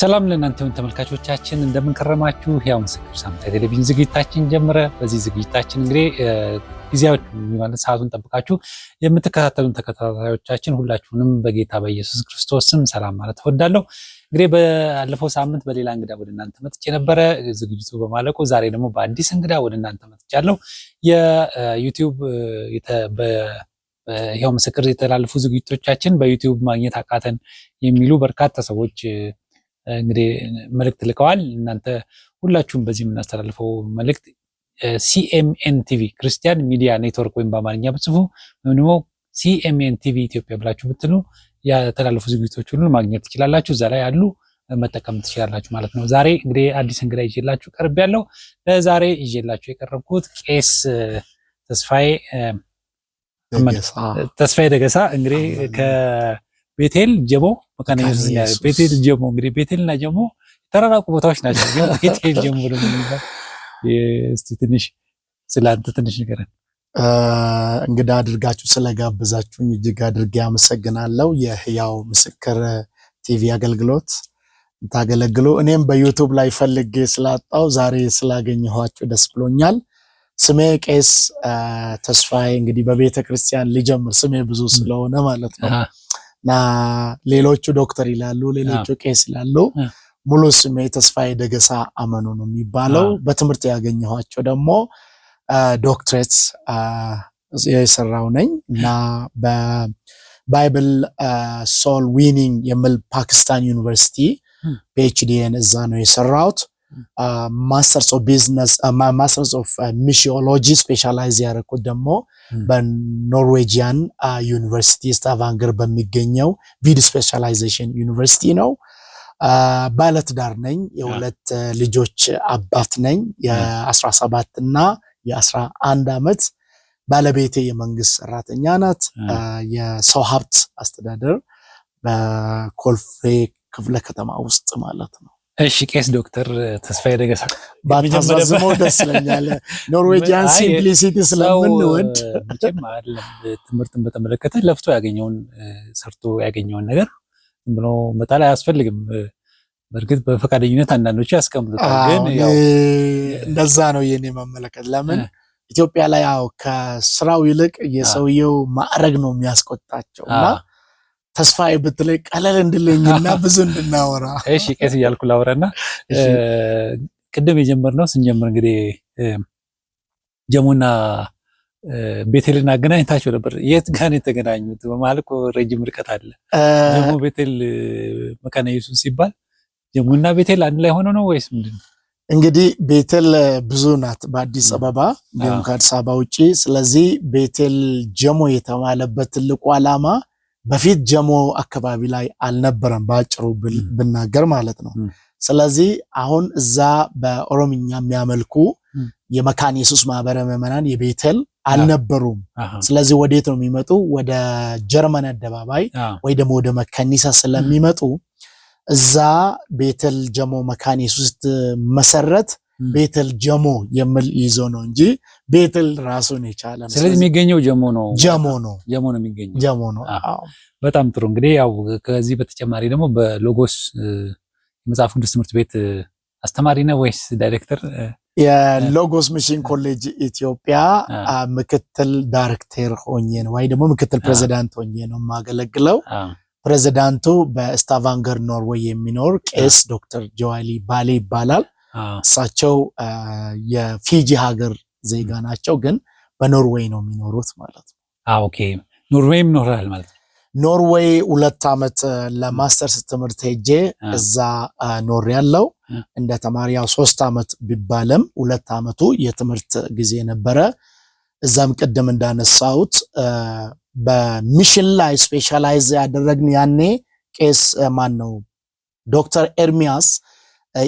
ሰላም ለእናንተም ተመልካቾቻችን እንደምንከረማችሁ፣ ያው ምስክር ሳምንታዊ ቴሌቪዥን ዝግጅታችን ጀምረ በዚህ ዝግጅታችን እንግዲህ ጊዜያዎች ማለት ሰዓቱን ጠብቃችሁ የምትከታተሉን ተከታታዮቻችን ሁላችሁንም በጌታ በኢየሱስ ክርስቶስ ስም ሰላም ማለት እወዳለሁ። እንግዲህ ባለፈው ሳምንት በሌላ እንግዳ ወደ እናንተ መጥቼ ነበረ። ዝግጅቱ በማለቁ ዛሬ ደግሞ በአዲስ እንግዳ ወደ እናንተ መጥቻለሁ። የዩቲዩብ ሕያው ምስክር የተላለፉ ዝግጅቶቻችን በዩቲዩብ ማግኘት አቃተን የሚሉ በርካታ ሰዎች እንግዲህ መልእክት ልከዋል። እናንተ ሁላችሁም በዚህ የምናስተላልፈው መልእክት ሲኤምኤን ቲቪ ክርስቲያን ሚዲያ ኔትወርክ ወይም በአማርኛ ብጽፉ ወይም ደግሞ ሲኤምኤን ቲቪ ኢትዮጵያ ብላችሁ ብትሉ የተላለፉ ዝግጅቶች ሁሉ ማግኘት ትችላላችሁ። እዛ ላይ ያሉ መጠቀም ትችላላችሁ ማለት ነው። ዛሬ እንግዲህ አዲስ እንግዳ ይዤላችሁ ቀርብ ያለው ለዛሬ ይዤላችሁ የቀረብኩት ቄስ ተስፋዬ ተስፋዬ ደገሳ እንግዲህ ቤቴል ጀሞ መካነ ኢየሱስ ቤቴል ጀሞ እንግዲህ ቤቴልና ጀሞ የተራራቁ ቦታዎች ናቸው። ቤቴል ጀሞ ብሎ እስቲ ትንሽ አንተ ትንሽ ንገረን። እንግዳ አድርጋችሁ ስለጋበዛችሁኝ እጅግ አድርጌ አመሰግናለሁ። የህያው ምስክር ቲቪ አገልግሎት ታገለግሉ እኔም በዩቱብ ላይ ፈልጌ ስላጣው ዛሬ ስላገኘኋቸው ደስ ብሎኛል። ስሜ ቄስ ተስፋዬ እንግዲህ በቤተ ክርስቲያን ሊጀምር ስሜ ብዙ ስለሆነ ማለት ነው ሌሎቹ ዶክተር ይላሉ፣ ሌሎቹ ቄስ ይላሉ። ሙሉ ስሜ ተስፋዬ ደገሳ አመኑ ነው የሚባለው። በትምህርት ያገኘኋቸው ደግሞ ዶክትሬት የሰራው ነኝ እና በባይብል ሶል ዊኒንግ የሚል ፓኪስታን ዩኒቨርሲቲ ፒኤችዲን እዛ ነው የሰራሁት። ማስተርስ ኦፍ ቢዝነስ ማስተርስ ኦፍ ሚሽዮሎጂ ስፔሻላይዝ ያደረኩት ደግሞ በኖርዌጂያን ዩኒቨርሲቲ ስታቫንገር በሚገኘው ቪድ ስፔሻላይዜሽን ዩኒቨርሲቲ ነው። ባለትዳር ነኝ። የሁለት ልጆች አባት ነኝ። የአስራ ሰባት እና የአስራ አንድ ዓመት ባለቤቴ የመንግስት ሰራተኛ ናት። የሰው ሀብት አስተዳደር በኮልፌ ክፍለ ከተማ ውስጥ ማለት ነው። እሺ ቄስ ዶክተር ተስፋዬ ደገሳ ባታዛዝመው ደስ ይለኛል። ኖርዌጂያን ሲምፕሊሲቲ ስለምንወድ ትምህርትን በተመለከተ ለፍቶ ያገኘውን ሰርቶ ያገኘውን ነገር ብሎ መጣል አያስፈልግም። በእርግጥ በፈቃደኝነት አንዳንዶቹ ያስቀምጡታል፣ ግን እንደዛ ነው የኔ መመለከት። ለምን ኢትዮጵያ ላይ ያው ከስራው ይልቅ የሰውየው ማዕረግ ነው የሚያስቆጣቸው እና ተስፋዬ ብትለይ ቀለል እንድለኝና ብዙ እንድናወራ። እሺ ቄስ እያልኩ ላውራና ቅድም የጀመርነው ስንጀምር እንግዲህ ጀሙና ቤቴልን አገናኝታቸው ነበር። የት ጋር ነው የተገናኙት? በመሀል እኮ ረጅም ርቀት አለ። ደግሞ ቤቴል መካነ ኢየሱስ ሲባል ጀሙና ቤቴል አንድ ላይ ሆኖ ነው ወይስ ምንድን ነው? እንግዲህ ቤቴል ብዙ ናት በአዲስ አበባ እንዲሁም ከአዲስ አበባ ውጭ። ስለዚህ ቤቴል ጀሞ የተባለበት ትልቁ ዓላማ በፊት ጀሞ አካባቢ ላይ አልነበረም፣ በአጭሩ ብናገር ማለት ነው። ስለዚህ አሁን እዛ በኦሮምኛ የሚያመልኩ የመካን የሱስ ማህበረ ምዕመናን የቤተል አልነበሩም። ስለዚህ ወዴት ነው የሚመጡ? ወደ ጀርመን አደባባይ ወይ ደግሞ ወደ መከኒሳ ስለሚመጡ እዛ ቤተል ጀሞ መካን የሱስ መሰረት ቤተል ጀሞ የሚል ይዞ ነው እንጂ ቤተል ራሱን የቻለ ስለዚህ የሚገኘው ጀሞ ነው ጀሞ ነው ጀሞ ነው የሚገኘው ጀሞ ነው። በጣም ጥሩ እንግዲህ ያው ከዚህ በተጨማሪ ደግሞ በሎጎስ የመጽሐፍ ቅዱስ ትምህርት ቤት አስተማሪ ነው ወይስ ዳይሬክተር? የሎጎስ ሚሽን ኮሌጅ ኢትዮጵያ ምክትል ዳይሬክተር ሆኜ ነው ወይ ደግሞ ምክትል ፕሬዚዳንት ሆኜ ነው የማገለግለው። ፕሬዚዳንቱ በስታቫንገር ኖርዌይ የሚኖር ቄስ ዶክተር ጆዋሊ ባሌ ይባላል። እሳቸው የፊጂ ሀገር ዜጋ ናቸው፣ ግን በኖርዌይ ነው የሚኖሩት ማለት ነው። ኦኬ ኖርዌይ ይኖራል ማለት ነው። ኖርዌይ ሁለት ዓመት ለማስተርስ ትምህርት ሄጄ እዛ ኖር ያለው እንደ ተማሪ ያው ሶስት ዓመት ቢባልም ሁለት ዓመቱ የትምህርት ጊዜ ነበረ። እዛም ቅድም እንዳነሳሁት በሚሽን ላይ ስፔሻላይዝ ያደረግን ያኔ ቄስ ማን ነው ዶክተር ኤርሚያስ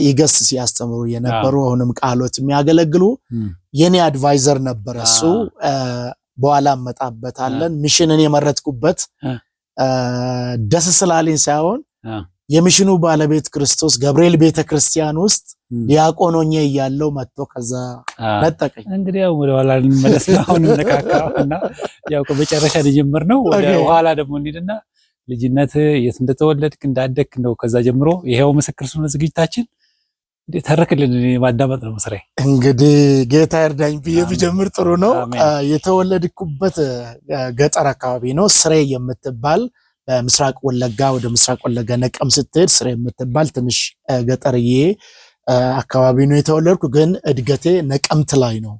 ይገስጽ ሲያስተምሩ የነበሩ አሁንም ቃሎት የሚያገለግሉ የኔ አድቫይዘር ነበረ። እሱ በኋላ እመጣበታለን። ሚሽንን የመረጥኩበት ደስ ስላለኝ ሳይሆን የሚሽኑ ባለቤት ክርስቶስ ገብርኤል ቤተ ክርስቲያን ውስጥ ዲያቆኖኜ እያለው መጥቶ ከዛ ነጠቀኝ። እንግዲህ ያው ወደ ኋላ እንመለስ። አሁን እንነካካ እና ያው መጨረሻ ጀምር ነው። ወደ ኋላ ደግሞ እንሂድና ልጅነት የት እንደተወለድክ እንዳደግክ ነው። ከዛ ጀምሮ ይሄው ምስክር ስለሆነ ዝግጅታችን ተረክልን ማዳመጥ ነው መስሪያ። እንግዲህ ጌታ እርዳኝ ብዬ ብጀምር ጥሩ ነው። የተወለድኩበት ገጠር አካባቢ ነው፣ ስሬ የምትባል በምስራቅ ወለጋ ወደ ምስራቅ ወለጋ ነቀም ስትሄድ ስሬ የምትባል ትንሽ ገጠርዬ አካባቢ ነው የተወለድኩ። ግን እድገቴ ነቀምት ላይ ነው።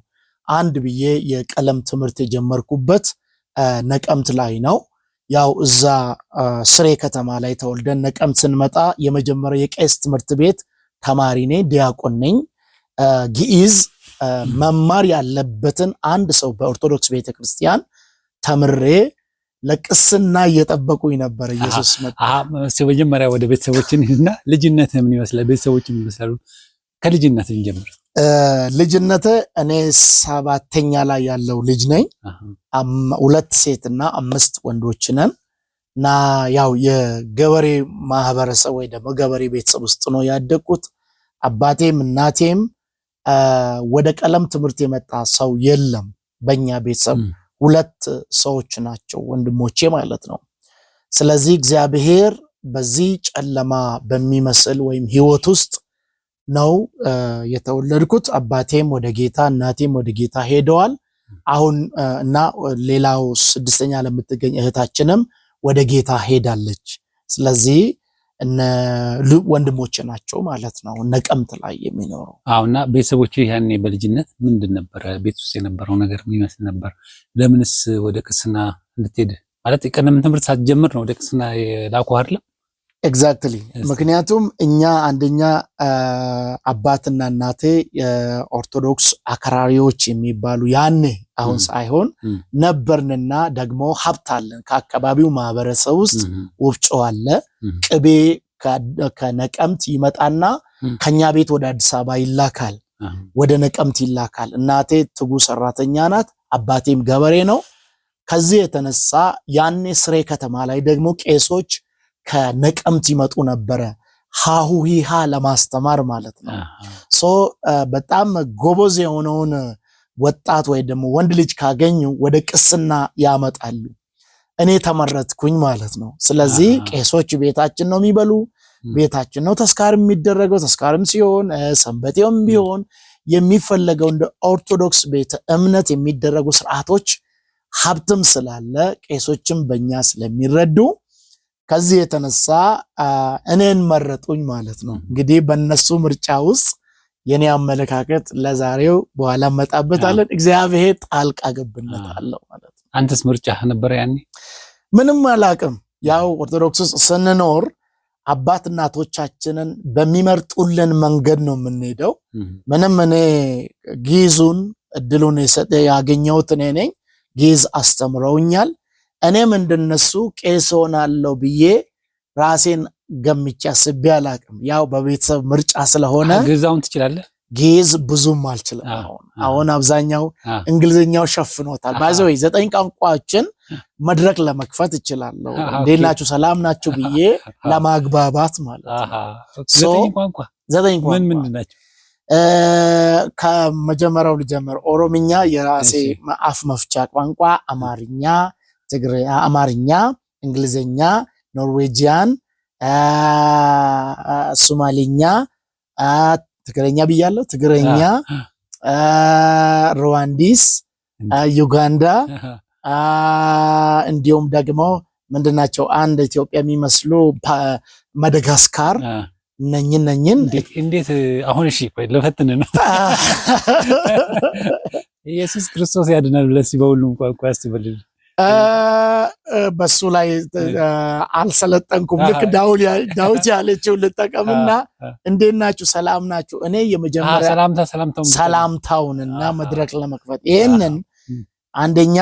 አንድ ብዬ የቀለም ትምህርት የጀመርኩበት ነቀምት ላይ ነው። ያው እዛ ስሬ ከተማ ላይ ተወልደን ነቀምት ስንመጣ የመጀመሪያው የቄስ ትምህርት ቤት ተማሪ ነኝ፣ ዲያቆን ነኝ። ግዕዝ መማር ያለበትን አንድ ሰው በኦርቶዶክስ ቤተ ክርስቲያን ተምሬ ለቅስና እየጠበቁኝ ነበር። ኢየሱስ መጣ። መጀመሪያ ወደ ቤተሰቦችን እና ልጅነት ምን ይመስላል? ቤተሰቦች ይመስላሉ። ከልጅነት ጀምር ልጅነት እኔ ሰባተኛ ላይ ያለው ልጅ ነኝ። ሁለት ሴት እና አምስት ወንዶች ነን እና ያው የገበሬ ማህበረሰብ ወይ ደግሞ ገበሬ ቤተሰብ ውስጥ ነው ያደግኩት። አባቴም እናቴም ወደ ቀለም ትምህርት የመጣ ሰው የለም። በእኛ ቤተሰብ ሁለት ሰዎች ናቸው ወንድሞቼ ማለት ነው። ስለዚህ እግዚአብሔር በዚህ ጨለማ በሚመስል ወይም ህይወት ውስጥ ነው የተወለድኩት። አባቴም ወደ ጌታ እናቴም ወደ ጌታ ሄደዋል። አሁን እና ሌላው ስድስተኛ ለምትገኝ እህታችንም ወደ ጌታ ሄዳለች። ስለዚህ ወንድሞች ናቸው ማለት ነው ነቀምት ላይ የሚኖሩ አዎ። እና ቤተሰቦች ያኔ በልጅነት ምንድን ነበረ ቤት ውስጥ የነበረው ነገር ምን ነበር? ለምንስ ወደ ቅስና እንድትሄድ ማለት ቀደም ትምህርት ሳትጀምር ነው ወደ ቅስና የላኩ አይደለም? ኤግዛክትሊ ምክንያቱም እኛ አንደኛ አባትና እናቴ የኦርቶዶክስ አክራሪዎች የሚባሉ ያኔ አሁን ሳይሆን ነበርንና ደግሞ ሀብት አለን። ከአካባቢው ማህበረሰብ ውስጥ ወፍጮ አለ። ቅቤ ከነቀምት ይመጣና ከኛ ቤት ወደ አዲስ አበባ ይላካል፣ ወደ ነቀምት ይላካል። እናቴ ትጉ ሰራተኛ ናት፣ አባቴም ገበሬ ነው። ከዚህ የተነሳ ያኔ ስሬ ከተማ ላይ ደግሞ ቄሶች ከነቀምት ይመጡ ነበረ። ሀሁሂሃ ለማስተማር ማለት ነው። ሶ በጣም ጎበዝ የሆነውን ወጣት ወይ ደግሞ ወንድ ልጅ ካገኙ ወደ ቅስና ያመጣሉ። እኔ ተመረትኩኝ ማለት ነው። ስለዚህ ቄሶች ቤታችን ነው የሚበሉ፣ ቤታችን ነው ተስካር የሚደረገው። ተስካርም ሲሆን ሰንበቴውም ቢሆን የሚፈለገው እንደ ኦርቶዶክስ ቤተ እምነት የሚደረጉ ስርዓቶች ሀብትም ስላለ ቄሶችም በእኛ ስለሚረዱ ከዚህ የተነሳ እኔን መረጡኝ ማለት ነው። እንግዲህ በነሱ ምርጫ ውስጥ የኔ አመለካከት ለዛሬው በኋላ መጣበታለን። እግዚአብሔር ጣልቃ ገብነት አለው ማለት ነው። አንተስ ምርጫ ነበር ያኔ? ምንም አላቅም። ያው ኦርቶዶክስ ውስጥ ስንኖር አባት እናቶቻችንን በሚመርጡልን መንገድ ነው የምንሄደው። ምንም እኔ ጊዙን እድሉን ያገኘሁት እኔ ነኝ። ጊዝ አስተምረውኛል። እኔም እንደነሱ ቄስ ሆናለሁ ብዬ ራሴን ገምቼ አስቤ አላቅም። ያው በቤተሰብ ምርጫ ስለሆነ ግዛውን ትችላለህ። ግዕዝ ብዙም አልችልም። አሁን አሁን አብዛኛው እንግሊዝኛው ሸፍኖታል። ባይዘ ወይ ዘጠኝ ቋንቋዎችን መድረክ ለመክፈት እችላለሁ። እንዴት ናችሁ ሰላም ናችሁ ብዬ ለማግባባት ማለት ነው። ዘጠኝ ቋንቋ ምን ከመጀመሪያው ልጀምር። ኦሮምኛ የራሴ አፍ መፍቻ ቋንቋ፣ አማርኛ አማርኛ፣ እንግሊዝኛ፣ ኖርዌጂያን፣ ሶማሌኛ፣ ትግረኛ ብያለሁ። ትግረኛ፣ ሩዋንዲስ፣ ዩጋንዳ እንዲሁም ደግሞ ምንድን ናቸው አንድ ኢትዮጵያ የሚመስሉ ማደጋስካር ነኝን ነኝን እንዴት አሁን እሺ ቆይ ለፈትን ነው ኢየሱስ ክርስቶስ ያድናል ብለህ በሁሉም ቋንቋ ያስበልል በሱ ላይ አልሰለጠንኩም። ልክ ዳውት ያለችው ልጠቀምና እንዴት ናችሁ ሰላም ናችሁ? እኔ የመጀመሪያ እና መድረክ ለመክፈት ይህንን አንደኛ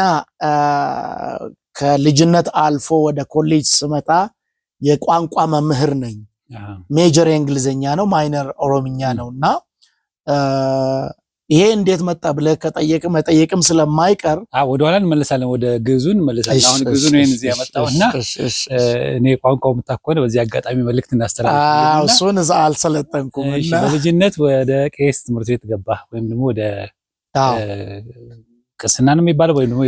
ከልጅነት አልፎ ወደ ኮሌጅ ስመጣ የቋንቋ መምህር ነኝ። ሜጀር የእንግሊዝኛ ነው፣ ማይነር ኦሮምኛ ነው እና ይሄ እንዴት መጣ ብለህ ከጠየቅ መጠየቅም ስለማይቀር ወደኋላ እንመለሳለን፣ ወደ ግዕዙ እንመለሳለን። አሁን ግዕዙን ወይን እዚህ ያመጣው እና እኔ ቋንቋው ምታኮነ በዚህ አጋጣሚ መልእክት እናስተላልፍ። እሱን አልሰለጠንኩም። በልጅነት ወደ ቄስ ትምህርት ቤት ገባ ወይም ደግሞ ወደ ቅስና ነው የሚባለው ወይም ደግሞ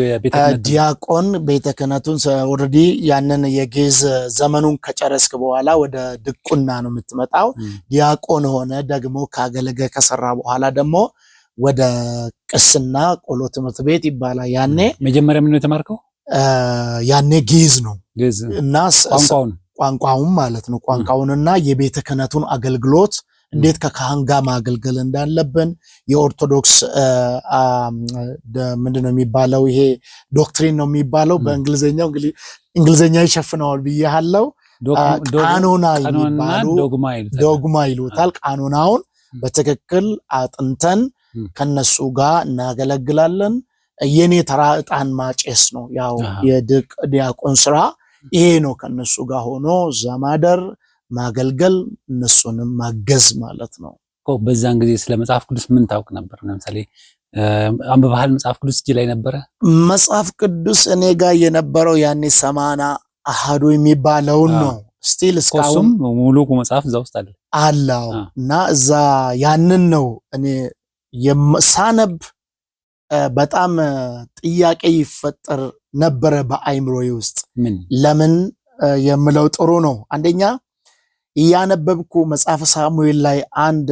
ዲያቆን ቤተ ክህነቱን ኦልሬዲ ያንን የግዕዝ ዘመኑን ከጨረስክ በኋላ ወደ ድቁና ነው የምትመጣው። ዲያቆን ሆነ ደግሞ ካገለገ ከሰራ በኋላ ደግሞ ወደ ቅስና ቆሎ ትምህርት ቤት ይባላል። ያኔ መጀመሪያ ምን ነው የተማርከው? ያኔ ግዕዝ ነው እና ቋንቋውን ማለት ነው ቋንቋውንና የቤተ ክህነቱን አገልግሎት እንዴት ከካህን ጋር ማገልገል እንዳለብን የኦርቶዶክስ ምንድን ነው የሚባለው ይሄ ዶክትሪን ነው የሚባለው በእንግሊዝኛው እንግሊዝኛ ይሸፍነዋል ብያለው። ቃኖና ዶግማ ይሉታል። ቃኖናውን በትክክል አጥንተን ከነሱ ጋር እናገለግላለን። የኔ ተራ እጣን ማጨስ ነው። ያው ዲያቆን ስራ ይሄ ነው። ከነሱ ጋር ሆኖ ዘማደር ማገልገል፣ እነሱንም ማገዝ ማለት ነው። በዛን ጊዜ ስለ መጽሐፍ ቅዱስ ምን ታውቅ ነበር? ለምሳሌ አንብበሃል? መጽሐፍ ቅዱስ እጅ ላይ ነበረ? መጽሐፍ ቅዱስ እኔ ጋር የነበረው ያኔ ሰማና አሃዱ የሚባለውን ነው። ስቲል እስካሁን ሙሉ መጽሐፍ እዛ ውስጥ አለ አላው እና እዛ ያንን ነው እኔ ሳነብ በጣም ጥያቄ ይፈጠር ነበረ በአይምሮዬ ውስጥ። ለምን የምለው ጥሩ ነው። አንደኛ እያነበብኩ መጽሐፈ ሳሙኤል ላይ አንድ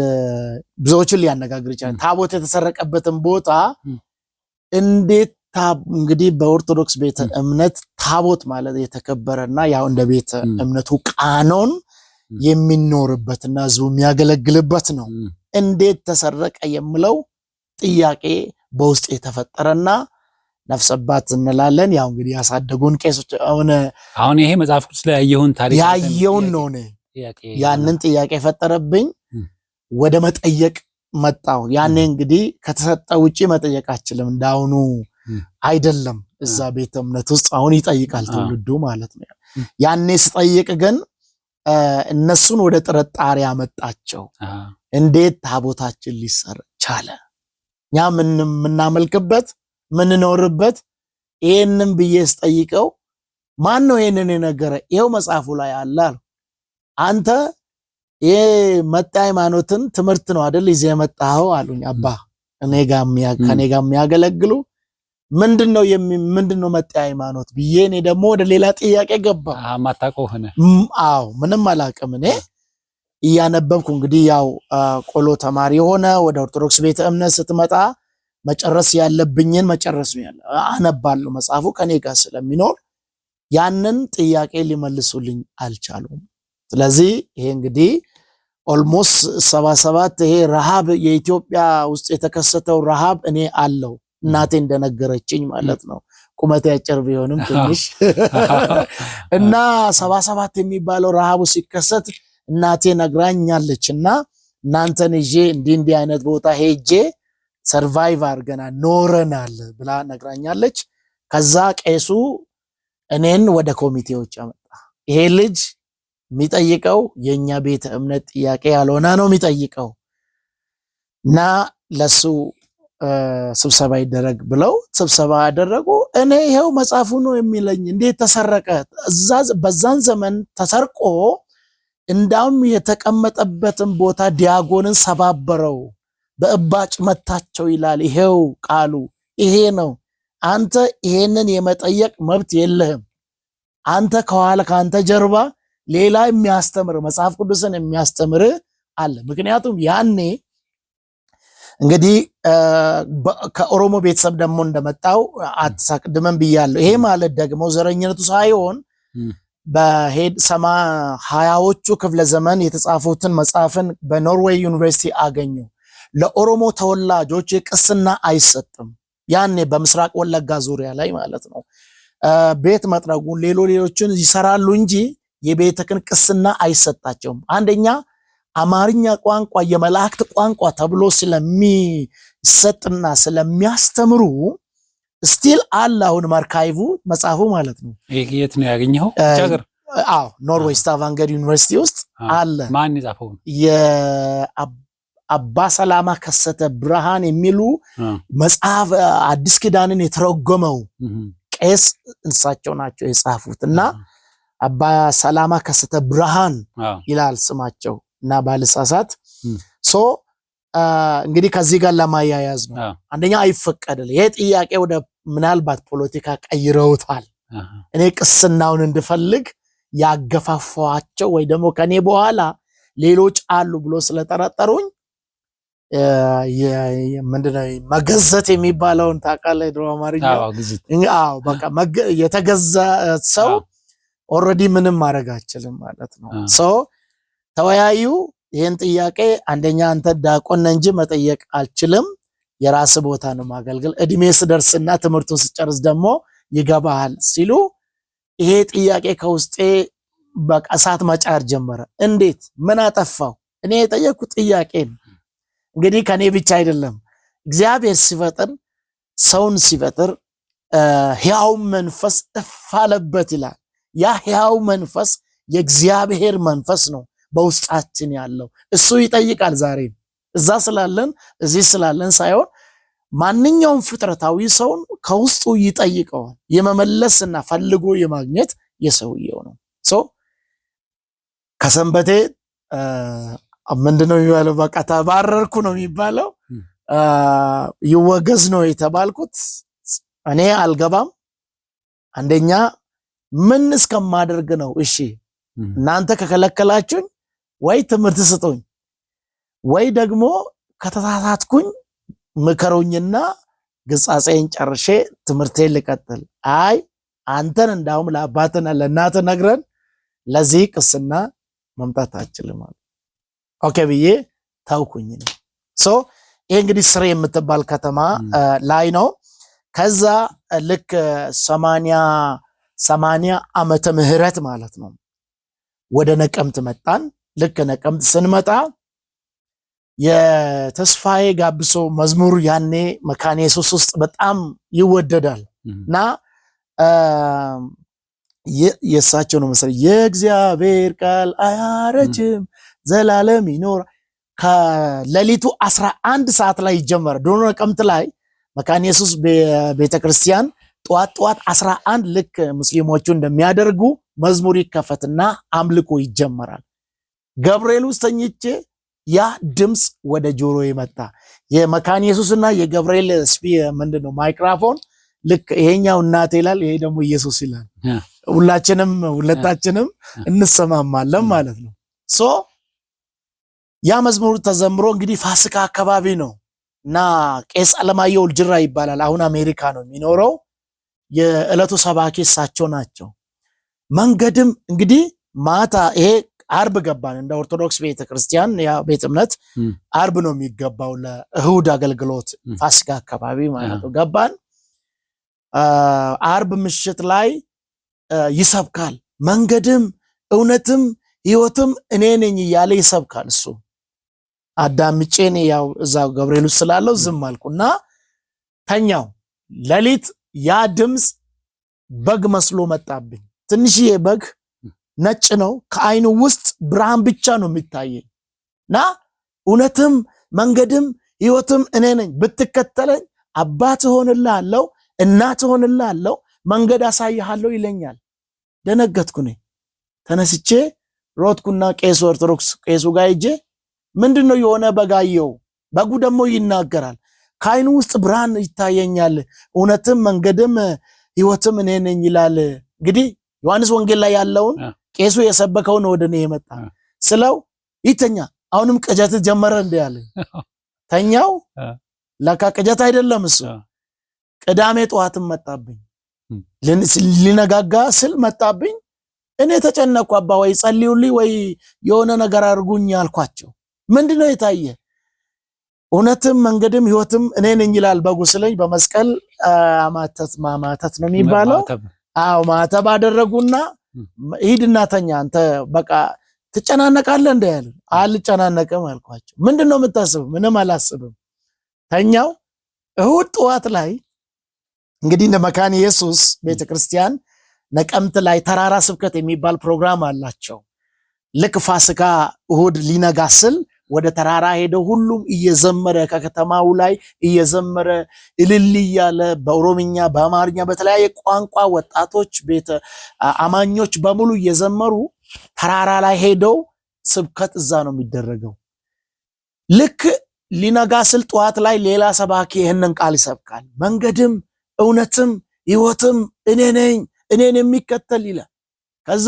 ብዙዎችን ሊያነጋግር ይችላል። ታቦት የተሰረቀበትን ቦታ እንዴት እንግዲህ በኦርቶዶክስ ቤተ እምነት ታቦት ማለት የተከበረና ያው እንደ ቤተ እምነቱ ቃኖን የሚኖርበትና ህዝቡ የሚያገለግልበት ነው። እንዴት ተሰረቀ የምለው ጥያቄ በውስጥ የተፈጠረና ነፍሰባት እንላለን። ያው እንግዲህ ያሳደጉን ቄሶች አሁን አሁን ይሄ መጽሐፍ ቅዱስ ላይ ያየሁን ታሪክ ያየውን ነው ያንን ጥያቄ የፈጠረብኝ ወደ መጠየቅ መጣው። ያኔ እንግዲህ ከተሰጠ ውጪ መጠየቅ አችልም እንዳሁኑ አይደለም። እዛ ቤተ እምነት ውስጥ አሁን ይጠይቃል ትውልዱ ማለት ነው። ያኔ ስጠይቅ ግን እነሱን ወደ ጥርጣሬ አመጣቸው። እንዴት ታቦታችን ሊሰራ ቻለ? እኛ ምን የምናመልክበት ምንኖርበት ይሄንን ብዬ ስጠይቀው ማን ነው ይሄንን የነገረ? ይሄው መጽሐፉ ላይ አለ አለ። አንተ ይሄ መጤ ሃይማኖትን ትምህርት ነው አይደል ይዘህ የመጣኸው አሉኝ። አባ እኔ ጋር ከኔ ጋር የሚያገለግሉ ምንድነው ምንድነው መጤ ሃይማኖት ብዬ እኔ ደግሞ ወደ ሌላ ጥያቄ ገባ። ማታውቀው ሆነ። አዎ ምንም አላውቅም እኔ እያነበብኩ እንግዲህ ያው ቆሎ ተማሪ የሆነ ወደ ኦርቶዶክስ ቤተ እምነት ስትመጣ መጨረስ ያለብኝን መጨረስ ያለ አነባለሁ። መጽሐፉ ከኔ ጋር ስለሚኖር ያንን ጥያቄ ሊመልሱልኝ አልቻሉም። ስለዚህ ይሄ እንግዲህ ኦልሞስት ሰባ ሰባት ይሄ ረሃብ የኢትዮጵያ ውስጥ የተከሰተው ረሃብ እኔ አለው እናቴ እንደነገረችኝ ማለት ነው። ቁመቴ አጭር ቢሆንም ትንሽ እና ሰባ ሰባት የሚባለው ረሃቡ ሲከሰት እናቴ ነግራኛለች እና እናንተን ይዤ እንዲህ እንዲህ አይነት ቦታ ሄጄ ሰርቫይቭ አድርገናል ኖረናል ብላ ነግራኛለች። ከዛ ቄሱ እኔን ወደ ኮሚቴዎች አመጣ። ይሄ ልጅ የሚጠይቀው የእኛ ቤተ እምነት ጥያቄ ያልሆነ ነው የሚጠይቀው እና ለሱ ስብሰባ ይደረግ ብለው ስብሰባ አደረጉ እኔ ይሄው መጽሐፉ ነው የሚለኝ እንዴት ተሰረቀ? በዛን ዘመን ተሰርቆ እንዳውም የተቀመጠበትን ቦታ ዲያጎንን ሰባበረው፣ በእባጭ መታቸው ይላል። ይሄው ቃሉ ይሄ ነው። አንተ ይሄንን የመጠየቅ መብት የለህም። አንተ ከኋላ ከአንተ ጀርባ ሌላ የሚያስተምር መጽሐፍ ቅዱስን የሚያስተምር አለ። ምክንያቱም ያኔ እንግዲህ ከኦሮሞ ቤተሰብ ደግሞ እንደመጣው አትሳቅድመን ብያለሁ። ይሄ ማለት ደግሞ ዘረኝነቱ ሳይሆን በሄድ ሰማ ሀያዎቹ ክፍለ ዘመን የተጻፉትን መጽሐፍን በኖርዌይ ዩኒቨርሲቲ አገኙ። ለኦሮሞ ተወላጆች ቅስና አይሰጥም። ያኔ በምስራቅ ወለጋ ዙሪያ ላይ ማለት ነው። ቤት መጥረጉ ሌሎ ሌሎችን ይሰራሉ እንጂ የቤተክን ቅስና አይሰጣቸውም። አንደኛ አማርኛ ቋንቋ የመላእክት ቋንቋ ተብሎ ስለሚሰጥና ስለሚያስተምሩ ስቲል አለ አሁን አርካይቭ መጽሐፉ ማለት ነው። የት ነው ያገኘኸው? አዎ ኖርዌይ ስታቫንገር ዩኒቨርሲቲ ውስጥ አለ። ማን የጻፈው? የአባ ሰላማ ከሰተ ብርሃን የሚሉ መጽሐፍ አዲስ ኪዳንን የተረጎመው ቄስ እንሳቸው ናቸው የጻፉት እና አባ ሰላማ ከሰተ ብርሃን ይላል ስማቸው እና ባልሳሳት ሶ እንግዲህ ከዚህ ጋር ለማያያዝ ነው። አንደኛ አይፈቀድል። ይሄ ጥያቄ ወደ ምናልባት ፖለቲካ ቀይረውታል። እኔ ቅስናውን እንድፈልግ ያገፋፋቸው ወይ ደግሞ ከኔ በኋላ ሌሎች አሉ ብሎ ስለጠረጠሩኝ ምንድነው መገዘት የሚባለውን ታውቃለህ? ድሮ አማርኛ የተገዛ ሰው ኦልሬዲ ምንም ማድረግ አይችልም ማለት ነው። ተወያዩ። ይህን ጥያቄ አንደኛ አንተ ዲያቆን እንጂ መጠየቅ አልችልም፣ የራስ ቦታ ነው ማገልገል፣ እድሜ ስደርስና ትምህርቱን ስጨርስ ደግሞ ይገባሃል ሲሉ ይሄ ጥያቄ ከውስጤ በቃ እሳት መጫር ጀመረ። እንዴት? ምን አጠፋው? እኔ የጠየኩት ጥያቄ እንግዲህ ከኔ ብቻ አይደለም። እግዚአብሔር ሲፈጥር ሰውን ሲፈጥር ሕያው መንፈስ እፍ አለበት ይላል። ያ ሕያው መንፈስ የእግዚአብሔር መንፈስ ነው። በውስጣችን ያለው እሱ ይጠይቃል። ዛሬ እዛ ስላለን እዚህ ስላለን ሳይሆን ማንኛውም ፍጥረታዊ ሰውን ከውስጡ ይጠይቀዋል። የመመለስና ፈልጎ የማግኘት የሰውየው ነው። ከሰንበቴ ምንድነው የሚባለው? በቃ ተባረርኩ ነው የሚባለው። ይወገዝ ነው የተባልኩት። እኔ አልገባም። አንደኛ ምን እስከማደርግ ነው? እሺ እናንተ ከከለከላችሁኝ ወይ ትምህርት ስጡኝ፣ ወይ ደግሞ ከተሳሳትኩኝ ምከሩኝና ግጻጼን ጨርሼ ትምህርቴን ልቀጥል። አይ አንተን እንዳውም ለአባትና ለእናት ነግረን ለዚህ ቅስና መምጣት አችልም አለ። ኦኬ ብዬ ታውኩኝ። ሶ ይሄ እንግዲህ ስሬ የምትባል ከተማ ላይ ነው። ከዛ ልክ ሰማንያ ሰማንያ ዓመተ ምህረት ማለት ነው ወደ ነቀምት መጣን። ልክ ነቀምት ስንመጣ የተስፋዬ ጋብሶ መዝሙር ያኔ መካነ ኢየሱስ ውስጥ በጣም ይወደዳል እና የእሳቸው ነው መሰለኝ የእግዚአብሔር ቃል አያረጅም ዘላለም ይኖር ከሌሊቱ አስራ አንድ ሰዓት ላይ ይጀመራል። ዶኖ ነቀምት ላይ መካነ ኢየሱስ ቤተክርስቲያን ጠዋት ጠዋት አስራ አንድ ልክ ሙስሊሞቹ እንደሚያደርጉ መዝሙር ይከፈትና አምልኮ ይጀመራል። ገብርኤል ውስጥ ተኝቼ ያ ድምፅ ወደ ጆሮ የመጣ የመካን ኢየሱስና የገብርኤል ስፒ ምንድን ነው ማይክራፎን ልክ ይሄኛው እናቴ ይላል፣ ይሄ ደግሞ ኢየሱስ ይላል። ሁላችንም ሁለታችንም እንሰማማለን ማለት ነው። ሶ ያ መዝሙር ተዘምሮ እንግዲህ ፋሲካ አካባቢ ነው እና ቄስ አለማየሁ ልጅራ ይባላል። አሁን አሜሪካ ነው የሚኖረው። የዕለቱ ሰባኪ እሳቸው ናቸው። መንገድም እንግዲህ ማታ ይሄ አርብ ገባን። እንደ ኦርቶዶክስ ቤተክርስቲያን ያ ቤት እምነት አርብ ነው የሚገባው ለእሁድ አገልግሎት፣ ፋሲካ አካባቢ ማለት ነው። ገባን። አርብ ምሽት ላይ ይሰብካል። መንገድም እውነትም ህይወትም እኔ ነኝ እያለ ይሰብካል። እሱ አዳምጬ እኔ ያው እዛ ገብርኤል ውስጥ ስላለው ዝም አልኩና ተኛው። ሌሊት ያ ድምፅ በግ መስሎ መጣብኝ። ትንሽዬ በግ ነጭ ነው። ከአይኑ ውስጥ ብርሃን ብቻ ነው የሚታየኝ እና እውነትም መንገድም ህይወትም እኔ ነኝ። ብትከተለኝ አባት እሆንልሃለሁ፣ እናት እሆንልሃለሁ፣ መንገድ አሳይሃለሁ ይለኛል። ደነገጥኩኔ። ተነስቼ ሮጥኩና ቄሱ ኦርቶዶክስ ቄሱ ጋር ሂጄ ምንድን ነው የሆነ በጋየው በጉ ደግሞ ይናገራል። ከአይኑ ውስጥ ብርሃን ይታየኛል። እውነትም መንገድም ህይወትም እኔ ነኝ ይላል። እንግዲህ ዮሐንስ ወንጌል ላይ ያለውን ቄሱ የሰበከው ነው ወደ እኔ የመጣ ስለው ይተኛ አሁንም ቅጀት ጀመረ እንደ ተኛው። ለካ ቅጀት አይደለም እሱ። ቅዳሜ ጠዋትም መጣብኝ። ሊነጋጋ ስል መጣብኝ። እኔ ተጨነቅኩ። አባ ወይ ጸልዩልኝ ወይ የሆነ ነገር አድርጉኝ አልኳቸው። ምንድነው የታየ? እውነትም መንገድም ህይወትም እኔ ነኝ ይላል በጉ ስለኝ በመስቀል አማተት ማማተት ነው የሚባለው። አዎ ማተብ አደረጉና ሂድና ተኛ አንተ በቃ ትጨናነቃለህ እንደ ያለ አልጨናነቅም አልኳቸው። ምንድን ነው የምታስብ? ምንም አላስብም ተኛው። እሁድ ጠዋት ላይ እንግዲህ እንደ መካን ኢየሱስ ቤተክርስቲያን ነቀምት ላይ ተራራ ስብከት የሚባል ፕሮግራም አላቸው። ልክ ፋሲካ እሁድ ሊነጋ ስል ወደ ተራራ ሄደ። ሁሉም እየዘመረ ከከተማው ላይ እየዘመረ እልል እያለ በኦሮምኛ፣ በአማርኛ፣ በተለያየ ቋንቋ ወጣቶች ቤተ አማኞች በሙሉ እየዘመሩ ተራራ ላይ ሄደው ስብከት እዛ ነው የሚደረገው። ልክ ሊነጋ ስል ጠዋት ላይ ሌላ ሰባኪ ይህንን ቃል ይሰብካል። መንገድም እውነትም ህይወትም እኔ ነኝ፣ እኔን የሚከተል ይላል። ከዛ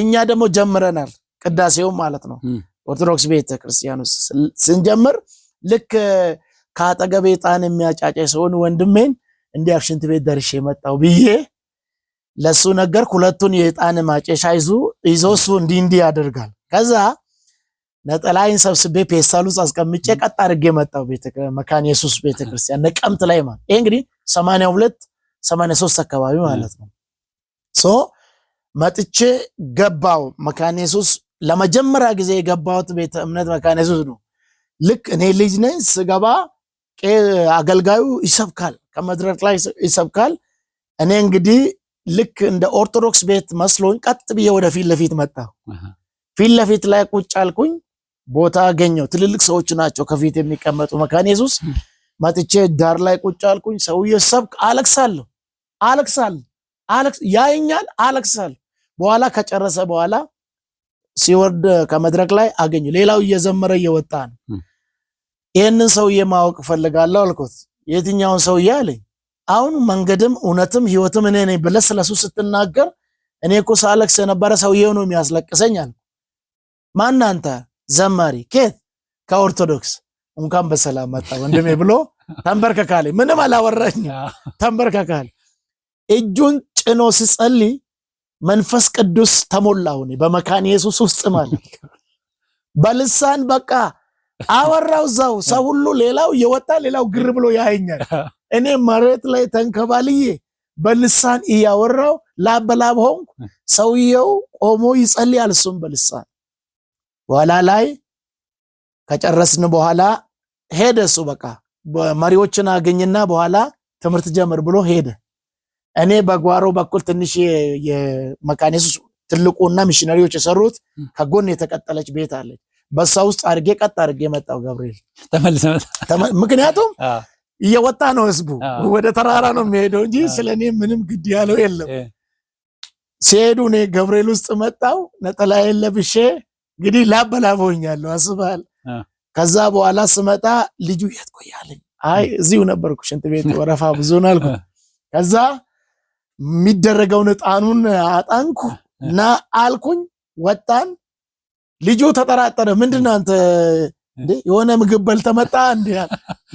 እኛ ደግሞ ጀምረናል ቅዳሴውም ማለት ነው ኦርቶዶክስ ቤተክርስቲያን ውስጥ ስንጀምር ልክ ከአጠገቤ ጣን የሚያጫጨ ሰውን ወንድሜን እንዲያ ሽንት ቤት ደርሼ መጣሁ ብዬ ለሱ ነገር ሁለቱን የዕጣን ማጨሻ ይዞ ይዞ እሱ እንዲህ እንዲህ ያደርጋል። ከዛ ነጠላይን ሰብስቤ ፔስታል ውስጥ አስቀምጬ ቀጥ አድርጌ መጣሁ። መካነ ኢየሱስ ቤተክርስቲያን ነቀምት ላይ ማለት ይሄ እንግዲህ 82 83 አካባቢ ማለት ነው። ሶ መጥቼ ገባው መካነ ኢየሱስ ለመጀመሪያ ጊዜ የገባሁት ቤተ እምነት መካነ ኢየሱስ ነው። ልክ እኔ ልጅ ነኝ ስገባ አገልጋዩ ይሰብካል፣ ከመድረክ ላይ ይሰብካል። እኔ እንግዲህ ልክ እንደ ኦርቶዶክስ ቤት መስሎኝ ቀጥ ብዬ ወደ ፊት ለፊት መጣሁ። ፊት ለፊት ላይ ቁጭ አልኩኝ፣ ቦታ አገኘው። ትልልቅ ሰዎች ናቸው ከፊት የሚቀመጡ። መካነ ኢየሱስ መጥቼ ዳር ላይ ቁጭ አልኩኝ። ሰውዬ ሰብክ፣ አለቅሳለሁ፣ አለቅሳለሁ፣ አለቅስ አለቅሳለሁ። በኋላ ከጨረሰ በኋላ ሲወርድ ከመድረክ ላይ አገኙ። ሌላው እየዘመረ እየወጣ ነው። ይህንን ሰውዬ ማወቅ እፈልጋለሁ አልኩት። የትኛውን ሰውዬ አለኝ። አሁን መንገድም እውነትም ህይወትም እኔ ነኝ ብለህ ስለሱ ስትናገር እኔ እኮ ሳለቅስ የነበረ ሰውዬው ነው የሚያስለቅሰኝ አልኩ። ማን አንተ? ዘማሪ። ከየት? ከኦርቶዶክስ። እንኳን በሰላም መጣ ወንድሜ ብሎ ተንበርከካለኝ። ምንም አላወራኝ። ተንበርከካለኝ እጁን ጭኖ ሲጸልይ መንፈስ ቅዱስ ተሞላሁ እኔ በመካን ኢየሱስ ውስጥ ማለት በልሳን በቃ አወራው እዛው ሰው ሁሉ ሌላው የወጣ ሌላው ግር ብሎ ያየኛል። እኔ መሬት ላይ ተንከባልዬ በልሳን እያወራው ላብ በላብ ሆንኩ። ሰውየው ቆሞ ይጸልያል፣ እሱም በልሳን በኋላ ላይ ከጨረስን በኋላ ሄደ። እሱ በቃ መሪዎችን አገኝና በኋላ ትምህርት ጀምር ብሎ ሄደ። እኔ በጓሮ በኩል ትንሽ የመካኒስ ትልቁና ሚሽነሪዎች የሰሩት ከጎን የተቀጠለች ቤት አለች። በሳ ውስጥ አድርጌ ቀጥ አድርጌ መጣው ገብርኤል። ምክንያቱም እየወጣ ነው ህዝቡ ወደ ተራራ ነው የሚሄደው እንጂ ስለ እኔ ምንም ግድ ያለው የለም። ሲሄዱ እኔ ገብርኤል ውስጥ መጣው። ነጠላ የለብሼ እንግዲህ ላበላቦኛለሁ አስባል። ከዛ በኋላ ስመጣ ልጁ የት ቆያለኝ? አይ እዚሁ ነበርኩ ሽንት ቤት ወረፋ ብዙን አልኩ። ከዛ የሚደረገውን እጣኑን አጣንኩ እና አልኩኝ። ወጣን። ልጁ ተጠራጠረ። ምንድን ነው አንተ እንዴ የሆነ ምግብ በልተህ መጣህ እንዴ?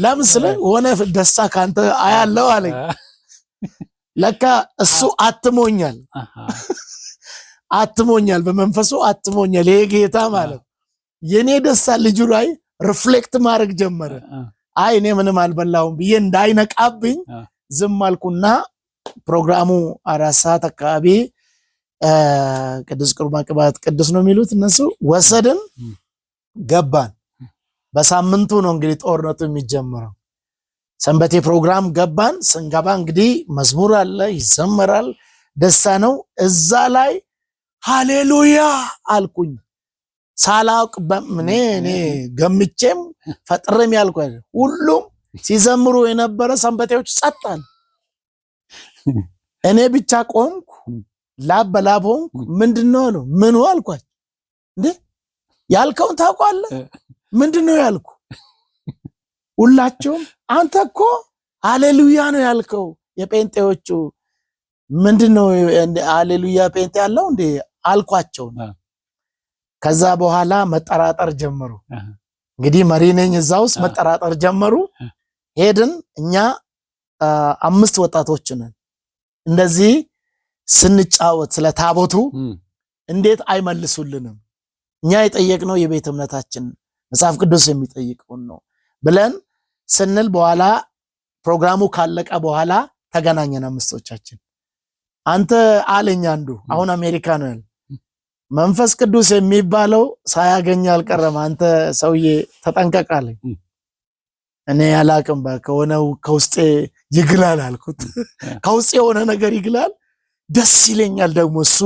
ለምን ስልህ የሆነ ደስታ ካንተ አያለው አለኝ። ለካ እሱ አትሞኛል አትሞኛል፣ በመንፈሱ አትሞኛል። ይሄ ጌታ ማለት የኔ ደስታ ልጁ ላይ ሪፍሌክት ማድረግ ጀመረ። አይ እኔ ምንም አልበላሁም ብዬ እንዳይነቃብኝ ዝም አልኩና ፕሮግራሙ አራት ሰዓት አካባቢ ቅዱስ ቁርባን ቅባት ቅዱስ ነው የሚሉት እነሱ ወሰድን፣ ገባን። በሳምንቱ ነው እንግዲህ ጦርነቱ የሚጀምረው። ሰንበቴ ፕሮግራም ገባን። ስንገባ እንግዲህ መዝሙር አለ፣ ይዘመራል፣ ደስታ ነው። እዛ ላይ ሃሌሉያ አልኩኝ ሳላውቅ እኔ እኔ ገምቼም ፈጥሬም ያልኩ ሁሉም ሲዘምሩ የነበረ ሰንበቴዎች ጸጥ እኔ ብቻ ቆምኩ፣ ላብ በላብ ሆንኩ። ምንድነው አለው። ምኑ አልኳቸው። እንዴ ያልከውን ታውቋለህ? ምንድነው ያልኩ? ሁላቸውም አንተ እኮ አሌሉያ ነው ያልከው። የጴንጤዎቹ ምንድነው አሌሉያ ጴንጤ ያለው እንዴ አልኳቸው። ከዛ በኋላ መጠራጠር ጀመሩ። እንግዲህ መሪ ነኝ እዛ ውስጥ መጠራጠር ጀመሩ። ሄድን እኛ አምስት ወጣቶች ነን። እንደዚህ ስንጫወት ስለ ታቦቱ እንዴት አይመልሱልንም? እኛ የጠየቅነው የቤት እምነታችን መጽሐፍ ቅዱስ የሚጠይቀውን ነው ብለን ስንል በኋላ ፕሮግራሙ ካለቀ በኋላ ተገናኘን። አምስቶቻችን አንተ አለኝ አንዱ አሁን አሜሪካ ነው ያለ መንፈስ ቅዱስ የሚባለው ሳያገኝ አልቀረም። አንተ ሰውዬ ተጠንቀቃለኝ እኔ ያላቅም ከሆነው ከውስጤ ይግላል አልኩት። ከውጭ የሆነ ነገር ይግላል ደስ ይለኛል። ደግሞ እሱ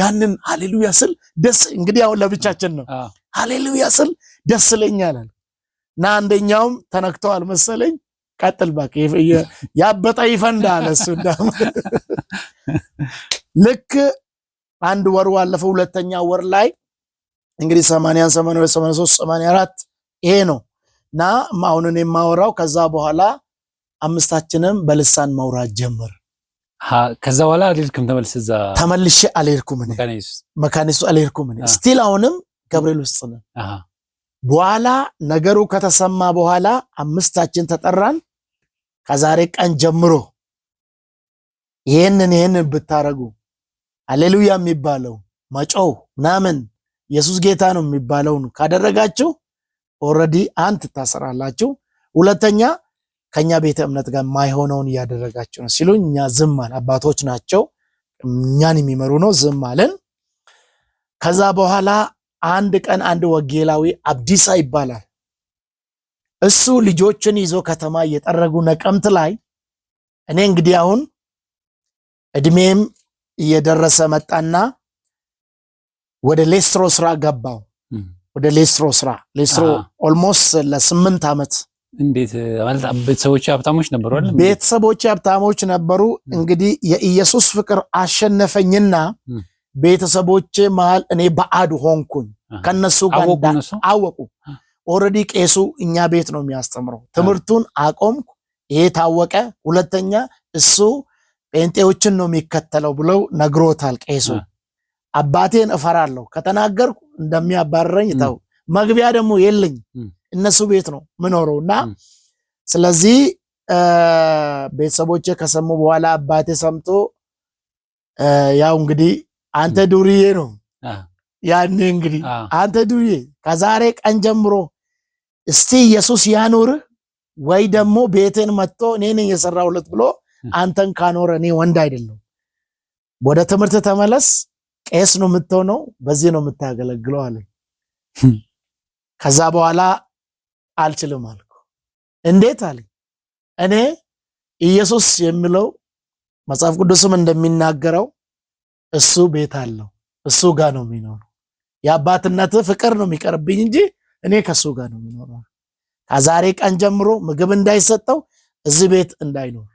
ያንን ሀሌሉያ ስል ደስ እንግዲህ አሁን ለብቻችን ነው። ሀሌሉያ ስል ደስ ይለኛል እና አንደኛውም ተነክተዋል መሰለኝ። ቀጥል ባክ ያበጠ ይፈንዳ አለ እሱ። ልክ አንድ ወር ባለፈው ሁለተኛ ወር ላይ እንግዲህ ሶስት 83 አራት ይሄ ነው እና አሁን እኔ የማወራው ከዛ በኋላ አምስታችንም በልሳን መውራት ጀምር። ከዛ በኋላ አልሄድኩም ተመልስ እዛ ተመልሼ አልሄድኩም እኔ መካኒሱ አልሄድኩም እኔ ስቲል አሁንም ገብርኤል ውስጥ ነን። በኋላ ነገሩ ከተሰማ በኋላ አምስታችን ተጠራን። ከዛሬ ቀን ጀምሮ ይህንን ይህንን ብታረጉ አሌሉያ የሚባለው መጮው ምናምን ኢየሱስ ጌታ ነው የሚባለውን ካደረጋችሁ ኦልሬዲ አንድ ታሰራላችሁ፣ ሁለተኛ ከኛ ቤተ እምነት ጋር ማይሆነውን እያደረጋቸው ነው ሲሉ እኛ ዝም አባቶች ናቸው እኛን የሚመሩ ነው ዝም አለን። ከዛ በኋላ አንድ ቀን አንድ ወንጌላዊ አብዲሳ ይባላል እሱ ልጆችን ይዞ ከተማ እየጠረጉ ነቀምት ላይ እኔ እንግዲህ አሁን እድሜም እየደረሰ መጣና ወደ ሌስትሮ ስራ ገባው። ወደ ሌስትሮ ስራ ሌስትሮ ኦልሞስት ለስምንት ዓመት እንዴት ማለት ቤተሰቦች ሀብታሞች ነበሩ አይደል? ቤተሰቦች ሀብታሞች ነበሩ። እንግዲህ የኢየሱስ ፍቅር አሸነፈኝና ቤተሰቦቼ መሀል እኔ በአድ ሆንኩኝ። ከነሱ ጋር አወቁ። ኦልሬዲ ቄሱ እኛ ቤት ነው የሚያስተምረው። ትምህርቱን አቆምኩ። ይሄ ታወቀ። ሁለተኛ እሱ ጴንጤዎችን ነው የሚከተለው ብለው ነግሮታል ቄሱ። አባቴን እፈራለሁ ከተናገርኩ እንደሚያባረረኝ ተው። መግቢያ ደግሞ የለኝ እነሱ ቤት ነው ምኖረው እና ስለዚህ ቤተሰቦቼ ከሰሙ በኋላ አባቴ ሰምቶ ያው እንግዲህ አንተ ዱርዬ ነው ያኔ እንግዲህ አንተ ዱርዬ ከዛሬ ቀን ጀምሮ እስቲ ኢየሱስ ያኖር ወይ ደግሞ ቤቴን መጥቶ እኔን የሰራሁለት ብሎ አንተን ካኖረ እኔ ወንድ አይደለም። ወደ ትምህርት ተመለስ፣ ቄስ ነው የምትሆነው፣ በዚህ ነው የምታገለግለው አለ። ከዛ በኋላ አልችልም አልኩ። እንዴት አለ። እኔ ኢየሱስ የሚለው መጽሐፍ ቅዱስም እንደሚናገረው እሱ ቤት አለው፣ እሱ ጋር ነው የሚኖረው። የአባትነት ፍቅር ነው የሚቀርብኝ እንጂ እኔ ከሱ ጋር ነው የሚኖረው። ከዛሬ ቀን ጀምሮ ምግብ እንዳይሰጠው እዚህ ቤት እንዳይኖር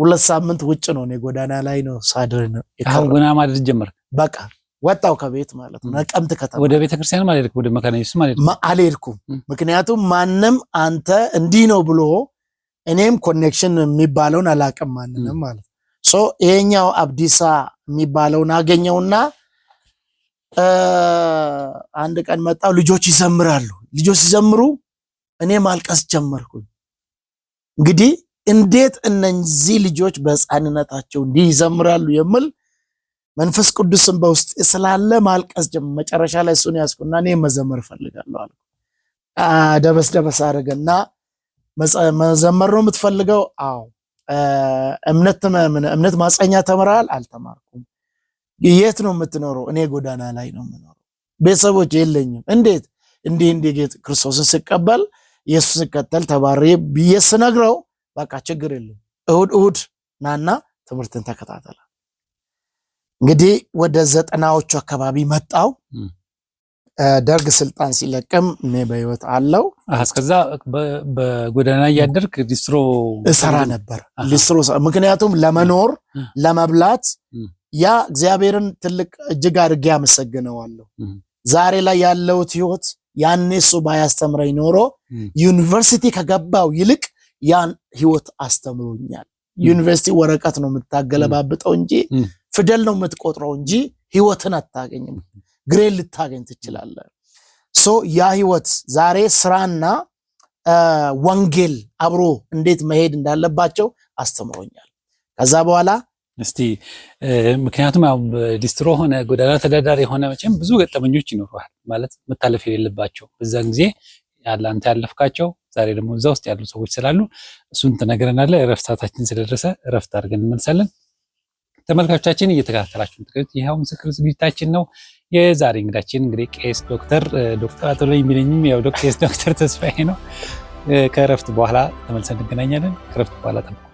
ሁለት ሳምንት ውጭ ነው። እኔ ጎዳና ላይ ነው ሳድር ነው። አሁን ጉና ማድረግ ጀመር በቃ ወጣው ከቤት ማለት ነው። ነቀምት ከተማ ወደ ቤተክርስቲያን ማለት ወደ መካነ ኢየሱስ ማለት አልሄድኩም። ምክንያቱም ማንም አንተ እንዲህ ነው ብሎ እኔም ኮኔክሽን የሚባለውን አላቅም ማንንም ማለት ሶ ይሄኛው አብዲሳ የሚባለውን አገኘውና አንድ ቀን መጣው። ልጆች ይዘምራሉ። ልጆች ሲዘምሩ እኔ ማልቀስ ጀመርኩኝ። እንግዲህ እንዴት እነዚህ ልጆች በህፃንነታቸው እንዲህ ይዘምራሉ የሚል መንፈስ ቅዱስን በውስጥ ስላለ ማልቀስ ጀመረ። መጨረሻ ላይ እሱን ያዝኩና እኔ መዘመር እፈልጋለሁ አልኩ። ደበስ ደበስ አድርገና መዘመር ነው የምትፈልገው? አዎ። እምነት ማጸኛ ተምረሃል? አልተማርኩም። የት ነው የምትኖረው? እኔ ጎዳና ላይ ነው የምኖረው፣ ቤተሰቦች የለኝም። እንዴት? እንዲህ እንዲህ ክርስቶስን ስቀበል ኢየሱስ ስከተል ተባሬ ብዬ ስነግረው፣ በቃ ችግር የለም እሁድ እሁድ ናና ትምህርትን ተከታተላል። እንግዲህ ወደ ዘጠናዎቹ አካባቢ መጣው። ደርግ ስልጣን ሲለቅም እኔ በህይወት አለው። እስከዛ በጎዳና እያደርግ ሊስትሮ እሰራ ነበር። ሊስትሮ ምክንያቱም ለመኖር ለመብላት፣ ያ እግዚአብሔርን ትልቅ እጅግ አድርጌ አመሰግነዋለሁ። ዛሬ ላይ ያለሁት ህይወት ያኔ እሱ ባያስተምረኝ ኖሮ ዩኒቨርሲቲ ከገባው ይልቅ ያን ህይወት አስተምሮኛል። ዩኒቨርሲቲ ወረቀት ነው የምታገለባብጠው እንጂ ፊደል ነው የምትቆጥረው እንጂ ህይወትን አታገኝም። ግሬድ ልታገኝ ትችላለህ። ሶ ያ ህይወት ዛሬ ስራና ወንጌል አብሮ እንዴት መሄድ እንዳለባቸው አስተምሮኛል። ከዛ በኋላ እስቲ ምክንያቱም ዲስትሮ ሆነ ጎዳና ተዳዳሪ የሆነ መቼም ብዙ ገጠመኞች ይኖረዋል፣ ማለት መታለፍ የሌለባቸው በዛን ጊዜ አንተ ያለፍካቸው ዛሬ ደግሞ እዛ ውስጥ ያሉ ሰዎች ስላሉ እሱን ትነግረናለህ። እረፍት ሰዓታችን ስለደረሰ እረፍት አድርገን እንመልሳለን። ተመልካቾቻችን እየተከታተላችሁ ትክክል ይኸው ምስክር ዝግጅታችን ነው። የዛሬ እንግዳችን እንግዲህ ቄስ ዶክተር ዶክተር አቶ የሚለኝም ያው ዶክተር ዶክተር ተስፋዬ ነው። ከእረፍት በኋላ ተመልሰን እንገናኛለን። ከእረፍት በኋላ